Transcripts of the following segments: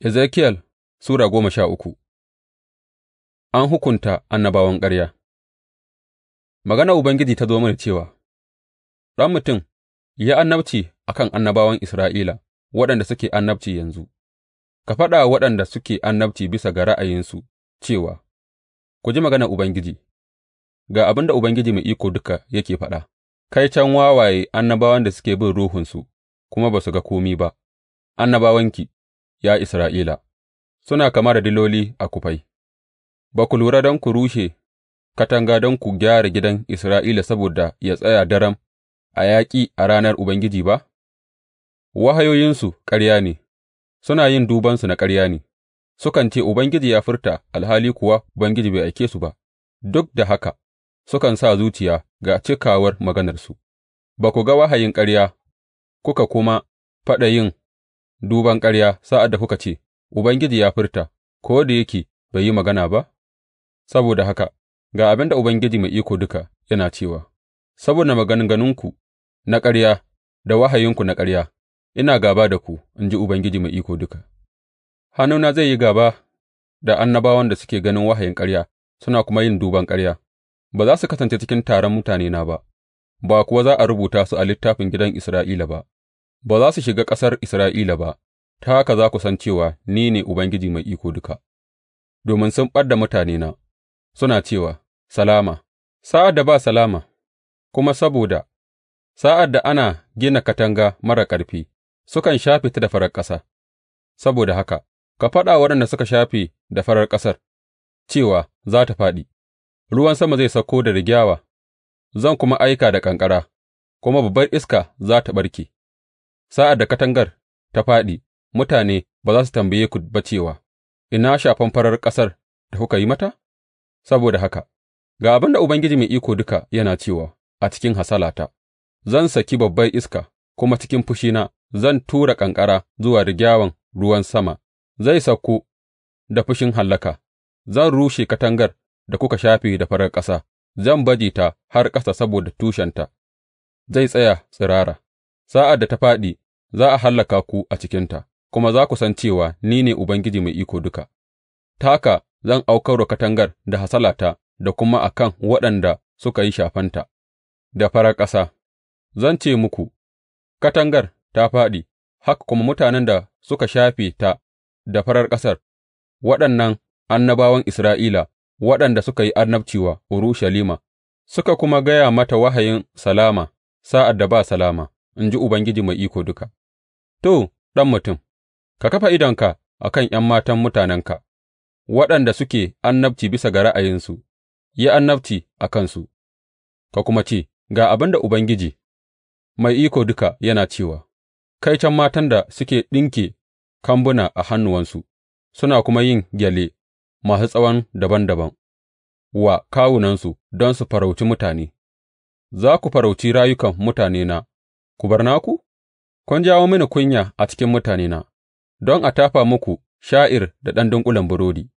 Ezekiyel Sura goma sha uku An hukunta annabawan ƙarya Maganar Ubangiji ta zo mini cewa, Ɗan mutum, yi annabci a kan annabawan Isra'ila waɗanda suke annabci yanzu, ka faɗa waɗanda suke annabci bisa ga ra'ayinsu cewa, Ku ji maganar Ubangiji, ga abin da Ubangiji Mai Iko Duka yake faɗa, Kai can wawaye annabawan da suke bin ruhunsu kuma ba su ga komi ba, annabawanki. ya Isra'ila, suna kama da diloli a kufai, ba ku lura don ku rushe katanga don ku gyara gidan Isra'ila saboda ya tsaya daram a yaƙi a ranar Ubangiji ba? Wahayoyinsu ƙarya ne, suna yin dubansu na ƙarya ne, sukan ce, Ubangiji ya furta, alhali kuwa Ubangiji bai aike su ba, duk da haka sukan sa zuciya ga cikawar maganarsu, ba ku ga wahayin ƙarya kuka kuma faɗa yin duban ƙarya sa'ad da kuka ce, Ubangiji ya furta, ko da yake bai yi magana ba? Saboda haka, ga abin da Ubangiji Mai Iko Duka yana cewa, Saboda maganganunku na ƙarya da wahayinku na ƙarya, ina gaba da ku, in ji Ubangiji Mai Iko Duka. Hannuna zai yi gaba da annabawan da suke ganin wahayin ƙarya suna kuma yin duban ƙarya, ba za su kasance cikin taron mutanena ba, ba kuwa za a rubuta su a littafin gidan Isra'ila ba. ba za su shiga ƙasar Isra'ila ba, ta haka za ku san cewa ni ne Ubangiji Mai Iko Duka, domin sun ɓad da mutanena, suna cewa, Salama, sa'ad da ba salama, kuma saboda sa'ad da ana gina katanga mara ƙarfi, sukan shafe ta da farar ƙasa, saboda haka, ka faɗa waɗanda suka shafe da farar ƙasar cewa za ta faɗi. ruwan sama zai sauko da rigyawa, zan kuma aika da ƙanƙara, kuma babbar iska za ta ɓarke. Sa'ad da katangar ta fāɗi, mutane ba za su tambaye ku ba cewa, Ina shafan farar ƙasar da kuka yi mata?’ Saboda haka, ga abin da Ubangiji Mai Iko Duka yana cewa a cikin hasalata, zan saki babbar iska, kuma cikin fushina zan tura ƙanƙara zuwa rigyawan ruwan sama; zai sauko da fushin hallaka, zan rushe katangar da kuka shafe da farar ƙasa, zan baje ta har ƙasa saboda tushenta zai tsaya tsirara. Sa'ad da ta fāɗi, za a hallaka ku a cikinta, kuma za ku san cewa ni ne Ubangiji Mai Iko Duka, ta haka zan aukar wa katangar da hasalata da kuma a kan waɗanda suka yi shafanta. da farar ƙasa, zan ce muku, Katangar ta fāɗi, haka kuma mutanen da suka shafe ta da farar ƙasar, waɗannan annabawan Isra'ila waɗanda suka yi annabci wa Urushalima, suka kuma gaya mata wahayin salama sa'ad da ba salama. in ji Ubangiji Mai Iko Duka, to, ɗan mutum, ka kafa idonka a kan ’yan matan mutanenka, waɗanda suke annabci bisa ga ra'ayinsu, yi annabci a kansu, ka kuma ce, Ga abin da Ubangiji Mai Iko Duka yana cewa, Kai can matan da suke ɗinke kambuna a hannuwansu, suna kuma yin gyale masu tsawon daban daban wa kawunansu don su farauci mutane, za ku farauci rayukan mutanena Ku bar naku? Kun jawo mini kunya a cikin mutanena, don a tafa muku sha'ir da ɗan dunƙulen burodi,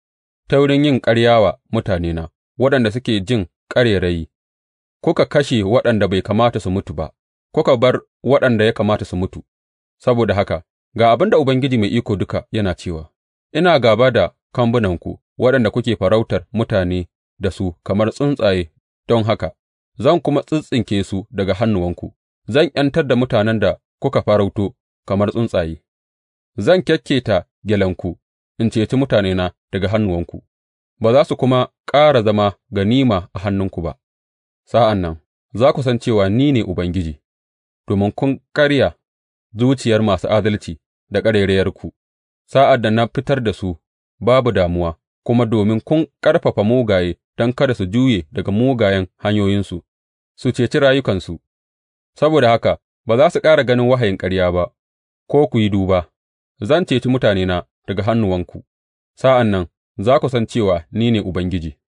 ta wurin yin ƙarya wa mutanena waɗanda suke jin ƙarairayi, kuka kashe waɗanda bai kamata su mutu ba, kuka bar waɗanda ya kamata su mutu, saboda haka ga abin da Ubangiji Mai Iko Duka yana cewa, Ina gaba da kambunanku waɗanda kuke farautar mutane da su kamar tsuntsaye, don haka zan kuma tsintsinke su daga hannuwanku. zan ’yantar da mutanen da kuka farauto kamar tsuntsaye, zan kyakketa gyalenku in ceci mutanena daga hannuwanku, ba za su kuma ƙara zama ganima a hannunku ba, sa'an nan za ku san cewa ni ne Ubangiji, domin kun ƙarya zuciyar masu adalci da ƙarairayarku, sa'ad da na fitar da su babu damuwa, kuma domin kun ƙarfafa mugaye don kada su juye daga mugayen hanyoyinsu, su ceci rayukansu. Saboda haka ba za su ƙara ganin wahayin ƙarya ba ko ku yi duba; zan ceci mutanena daga hannuwanku, sa'an nan za ku san cewa ni ne Ubangiji.